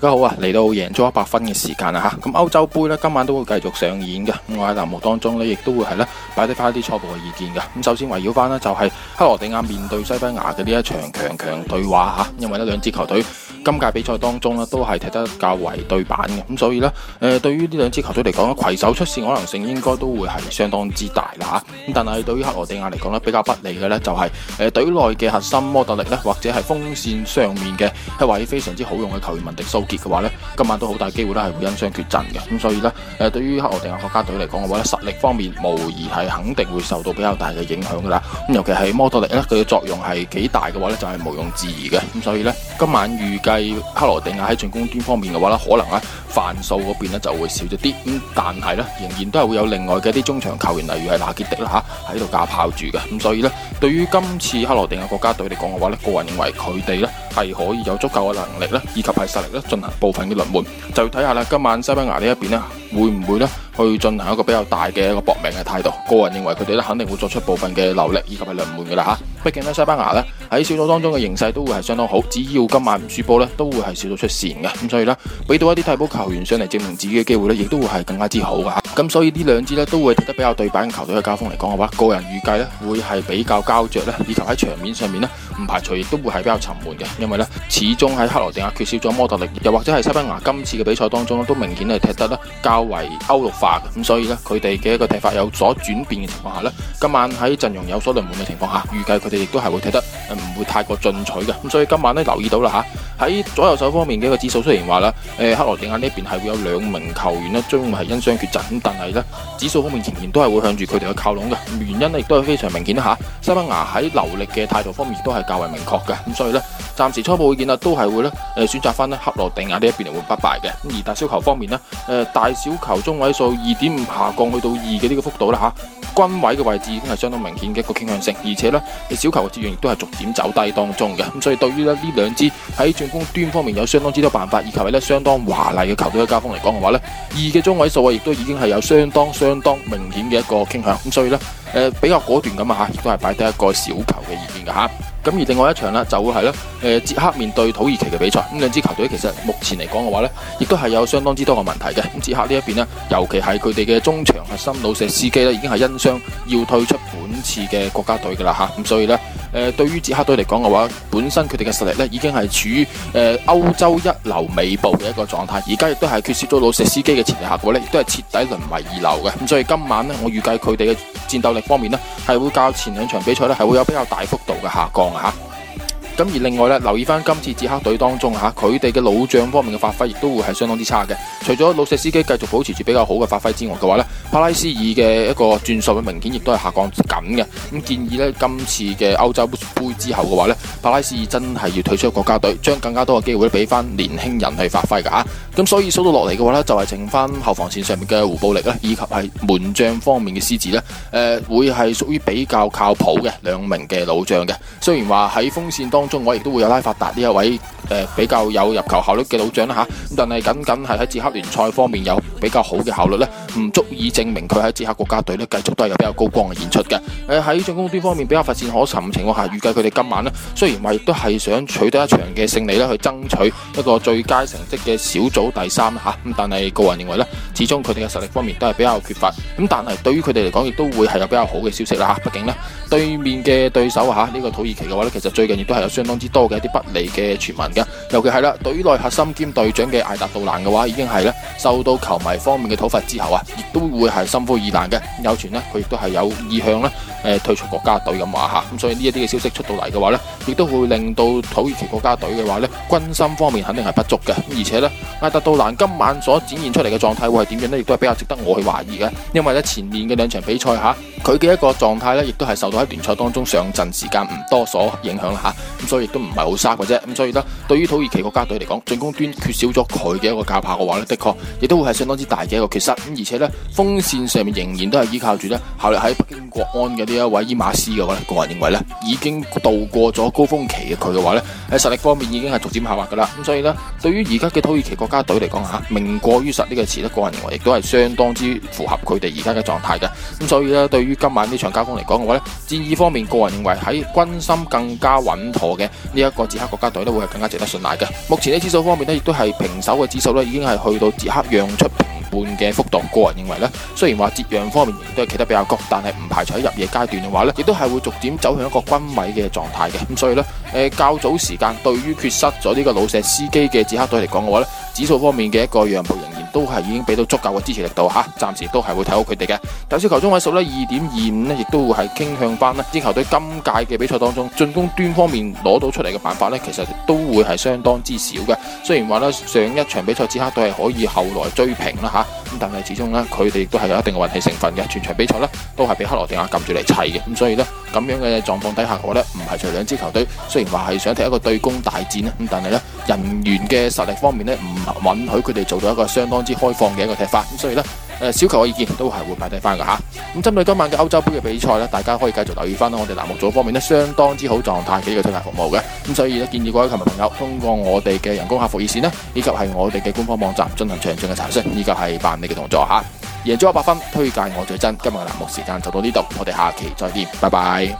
大家好啊！嚟到贏足 100FUN 嘅時間啦吓，咁歐洲杯咧，今晚都會繼續上演噶。我喺欄目當中咧，亦都會係咧擺低翻一啲初步嘅意見噶。咁首先圍繞翻咧就係克羅地亞面對西班牙嘅呢一場強強對話吓，因為呢兩支球隊，今屆比賽當中咧，都係踢得較為對版嘅，咁所以呢，誒、呃、對於呢兩支球隊嚟講咧，攜手出線可能性應該都會係相當之大啦嚇。咁但係對於克羅地亞嚟講咧，比較不利嘅呢就係誒隊內嘅核心摩托力呢，或者係鋒線上面嘅一位非常之好用嘅球員文迪蘇傑嘅話呢，今晚都好大機會咧係會因傷缺陣嘅。咁所以呢，誒、呃、對於克羅地亞國家隊嚟講嘅話咧，實力方面無疑係肯定會受到比較大嘅影響㗎啦。咁尤其係摩托力呢，佢嘅作用係幾大嘅話呢，就係毋庸置疑嘅。咁所以呢，今晚預計。係克羅地亞喺進攻端方面嘅話咧，可能咧犯數嗰邊咧就會少咗啲，咁但係咧仍然都係會有另外嘅啲中場球員，例如係拿杰迪啦吓，喺度架炮住嘅。咁所以咧，對於今次克羅地亞國家隊嚟講嘅話咧，個人認為佢哋咧係可以有足夠嘅能力咧，以及係實力咧進行部分嘅輪換，就睇下啦，今晚西班牙呢一邊咧會唔會咧去進行一個比較大嘅一個搏命嘅態度？個人認為佢哋咧肯定會作出部分嘅留力以及係輪換嘅啦吓，畢竟咧西班牙咧。喺小組當中嘅形勢都會係相當好，只要今晚唔輸波咧，都會係小組出線嘅。咁所以咧，俾到一啲替補球員上嚟證明自己嘅機會咧，亦都會係更加之好噶。咁所以呢兩支咧都會踢得比較對版嘅球隊嘅交鋒嚟講嘅話，個人預計咧會係比較膠着咧，以求喺場面上面咧。唔排除亦都會係比較沉悶嘅，因為咧始終喺克羅地亞缺少咗摩托力，又或者係西班牙今次嘅比賽當中都明顯係踢得咧較為歐陸化嘅，咁所以咧佢哋嘅一個踢法有所轉變嘅情況下咧，今晚喺陣容有所輪換嘅情況下，預計佢哋亦都係會踢得唔會太過進取嘅，咁所以今晚咧留意到啦吓。喺左右手方面嘅一個指數，雖然話啦，誒、呃、克羅地亞呢一邊係會有兩名球員咧，將會係因傷缺陣，咁但係呢指數方面仍然都係會向住佢哋去靠攏嘅，原因咧亦都係非常明顯啦嚇。西班牙喺留力嘅態度方面亦都係較為明確嘅，咁所以呢，暫時初步意見啊，都係會咧誒、呃、選擇翻咧克羅地亞呢一邊嚟會不敗嘅。咁而大小球方面呢，誒、呃、大小球中位數二點五下降去到二嘅呢個幅度啦嚇。啊均位嘅位置已經係相當明顯嘅一個傾向性，而且呢，你小球嘅資源亦都係逐漸走低當中嘅，咁所以對於咧呢兩支喺進攻端方面有相當之多辦法，以及係咧相當華麗嘅球隊嘅交鋒嚟講嘅話呢，二嘅中位數啊，亦都已經係有相當相當明顯嘅一個傾向，咁所以呢，誒比較果斷咁啊吓，亦都係擺低一個小球嘅意見嘅吓。咁而另外一場呢，就會係呢誒捷克面對土耳其嘅比賽。咁兩支球隊其實目前嚟講嘅話呢，亦都係有相當之多嘅問題嘅。咁捷克呢一邊呢，尤其係佢哋嘅中場核心老石斯基呢，已經係因傷要退出本次嘅國家隊㗎啦吓，咁所以呢。誒、呃，對於捷克隊嚟講嘅話，本身佢哋嘅實力咧，已經係處於誒、呃、歐洲一流尾部嘅一個狀態，而家亦都係缺失咗老石司機嘅前提下嘅話咧，亦都係徹底淪為二流嘅。咁所以今晚咧，我預計佢哋嘅戰鬥力方面呢，係會較前兩場比賽咧係會有比較大幅度嘅下降啊！吓。咁而另外咧，留意翻今次捷克隊當中吓，佢哋嘅老將方面嘅發揮亦都會係相當之差嘅。除咗老車司機繼續保持住比較好嘅發揮之外嘅話咧，帕拉斯爾嘅一個轉數嘅明顯亦都係下降緊嘅。咁建議咧，今次嘅歐洲杯之後嘅話咧，帕拉斯爾真係要退出國家隊，將更加多嘅機會咧俾翻年輕人去發揮噶吓，咁所以數到落嚟嘅話咧，就係、是、剩翻後防線上面嘅胡布力咧，以及係門將方面嘅施治咧，誒、呃、會係屬於比較靠譜嘅兩名嘅老將嘅。雖然話喺鋒線當中中位亦都會有拉法達呢一位，比較有入球效率嘅老將啦嚇，咁但係僅僅係喺捷克聯賽方面有比較好嘅效率咧，唔足以證明佢喺捷克國家隊咧繼續都係有比較高光嘅演出嘅。喺進攻端方面比較乏善可陳情況下，預計佢哋今晚咧雖然話亦都係想取得一場嘅勝利啦，去爭取一個最佳成績嘅小組第三嚇。咁但係個人認為咧，始終佢哋嘅實力方面都係比較缺乏。咁但係對於佢哋嚟講，亦都會係有比較好嘅消息啦嚇。畢竟呢對面嘅對手啊嚇，呢個土耳其嘅話咧，其實最近亦都係有相當之多嘅一啲不利嘅傳聞嘅。尤其係啦，隊內核心兼隊長嘅艾達杜蘭嘅話，已經係咧受到球迷方面嘅討伐之後啊，亦都會係心灰意冷嘅，有傳呢，佢亦都係有意向咧誒退出國家隊咁話吓，咁所以呢一啲嘅消息出到嚟嘅話咧，亦都會令到土耳其國家隊嘅話咧，軍心方面肯定係不足嘅，而且咧艾達杜蘭今晚所展現出嚟嘅狀態會係點樣呢？亦都係比較值得我去懷疑嘅，因為咧前面嘅兩場比賽吓，佢嘅一個狀態咧亦都係受到喺聯賽當中上陣時間唔多所影響吓，咁所以亦都唔係好差嘅啫，咁所以呢。對於土耳其國家隊嚟講，進攻端缺少咗佢嘅一個教派嘅話呢，的確亦都會係相當之大嘅一個缺失。咁而且呢，鋒線上面仍然都係依靠住咧效力喺北京國安嘅呢一位伊馬斯嘅話呢，個人認為呢，已經度過咗高峰期嘅佢嘅話呢，喺實力方面已經係逐漸下滑噶啦。咁所以呢，對於而家嘅土耳其國家隊嚟講吓，名過於實呢個詞，個人認為亦都係相當之符合佢哋而家嘅狀態嘅。咁所以呢，對於今晚呢場交鋒嚟講嘅話呢，戰意方面個人認為喺軍心更加穩妥嘅呢一個捷克國家隊呢會係更加信賴嘅，目前呢指數方面呢，亦都係平手嘅指數呢已經係去到捷克讓出平半嘅幅度。個人認為呢，雖然話捷讓方面仍然都係企得比較高，但係唔排除喺入夜階段嘅話呢亦都係會逐漸走向一個均位嘅狀態嘅。咁所以呢，誒、呃、較早時間對於缺失咗呢個老石司機嘅捷克隊嚟講嘅話呢指數方面嘅一個讓步形。都係已經俾到足夠嘅支持力度吓，暫時都係會睇好佢哋嘅。但係球中位數呢，二點二五呢，亦都會係傾向翻呢支球隊今屆嘅比賽當中進攻端方面攞到出嚟嘅辦法呢，其實都會係相當之少嘅。雖然話呢，上一場比賽此刻都係可以後來追平啦吓。咁但係始終咧，佢哋亦都係有一定嘅運氣成分嘅。全場比賽咧，都係俾克羅地亞撳住嚟砌嘅。咁所以咧，咁樣嘅狀況底下，我咧唔係除兩支球隊，雖然話係想踢一個對攻大戰啦，咁但係咧，人員嘅實力方面咧，唔允許佢哋做到一個相當之開放嘅一個踢法。咁所以咧。誒小球嘅意見都係會擺低翻嘅嚇，咁針對今晚嘅歐洲杯嘅比賽咧，大家可以繼續留意翻我哋欄目組方面咧，相當之好狀態嘅呢個推介服務嘅，咁所以咧，建議各位球迷朋友通過我哋嘅人工客服熱線咧，以及係我哋嘅官方網站進行詳盡嘅查詢，以及係辦理嘅動作嚇。贏足 100FUN，推介我最真。今日嘅欄目時間就到呢度，我哋下期再見，拜拜。